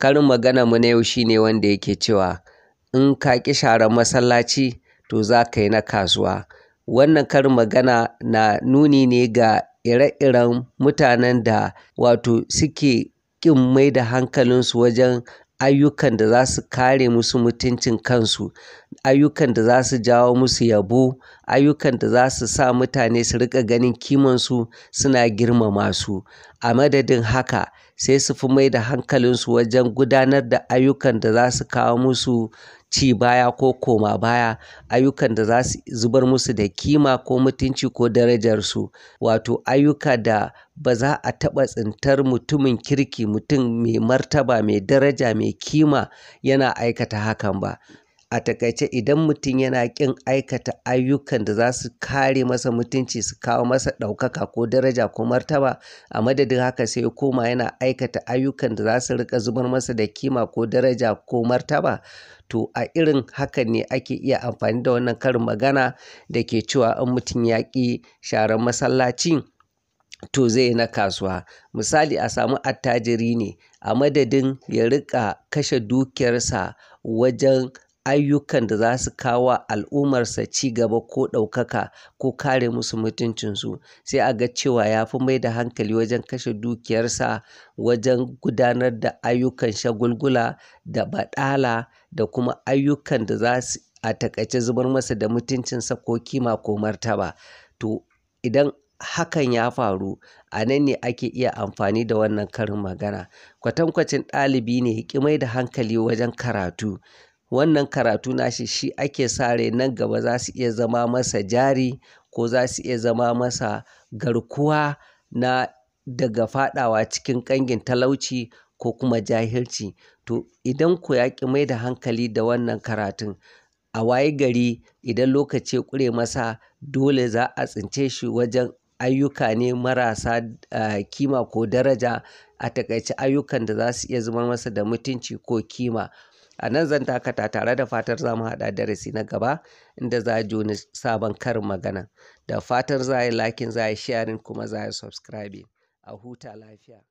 karin magana mu na yau shine wanda yake cewa in ka ƙi sharan masallaci to za ka yi na kasuwa wannan karin magana na nuni ne ga ire-iren mutanen da wato suke ƙin mai da hankalinsu wajen ayyukan da za su kare musu mutuncin kansu ayyukan da za su jawo musu yabo ayyukan da za su sa mutane su riƙa ganin kimansu suna girmama su a madadin haka sai su fi mai da hankalinsu wajen gudanar da ayyukan da za su kawo musu ci baya ko koma baya ayyukan da za su zubar musu da kima ko mutunci ko darajarsu wato ayyuka da ba za a taɓa tsintar mutumin kirki mutum mai martaba mai daraja mai kima yana aikata hakan ba a takaice idan mutum yana ƙin aikata ayyukan da za su kare masa mutunci su kawo masa ɗaukaka ko daraja ko martaba a madadin haka sai ya koma yana aikata ayyukan da za su rika zubar masa da kima ko daraja ko martaba to a irin hakan ne ake iya amfani da wannan karin magana da ke cewa in mutum ya ƙi sharan masallaci to zai na kasuwa misali a samu attajiri ne a madadin ya rika kashe dukiyarsa wajen ayyukan da za su kawo al'ummarsa ci gaba ko ɗaukaka ko kare musu mutuncinsu sai a ga cewa ya fi mai da hankali wajen kashe dukiyarsa wajen gudanar da ayyukan shagulgula da baɗala da kuma ayyukan da za su a taƙaice zubar masa da mutuncinsa ko kima ko martaba to idan hakan ya faru a nan ne ake iya amfani da wannan karin magana kwatankwacin ɗalibi ne ya ƙi mai da hankali wajen karatu wannan karatu nashi shi ake sa rai nan gaba za su iya zama masa jari ko za su iya zama masa garkuwa na daga faɗawa cikin ƙangin talauci ko kuma jahilci to idan ku yaƙi mai da hankali da wannan karatun a waye gari idan lokaci ya ƙure masa dole za a tsince shi wajen ayyuka ne marasa uh, kima ko daraja a takaice ayyukan da za su iya zama masa da mutunci ko kima a nan zan dakata tare da fatar za mu haɗa darasi na gaba inda za a joni sabon karin magana da fatar za a yi lakin za a yi sharing kuma za a yi subscribing a huta lafiya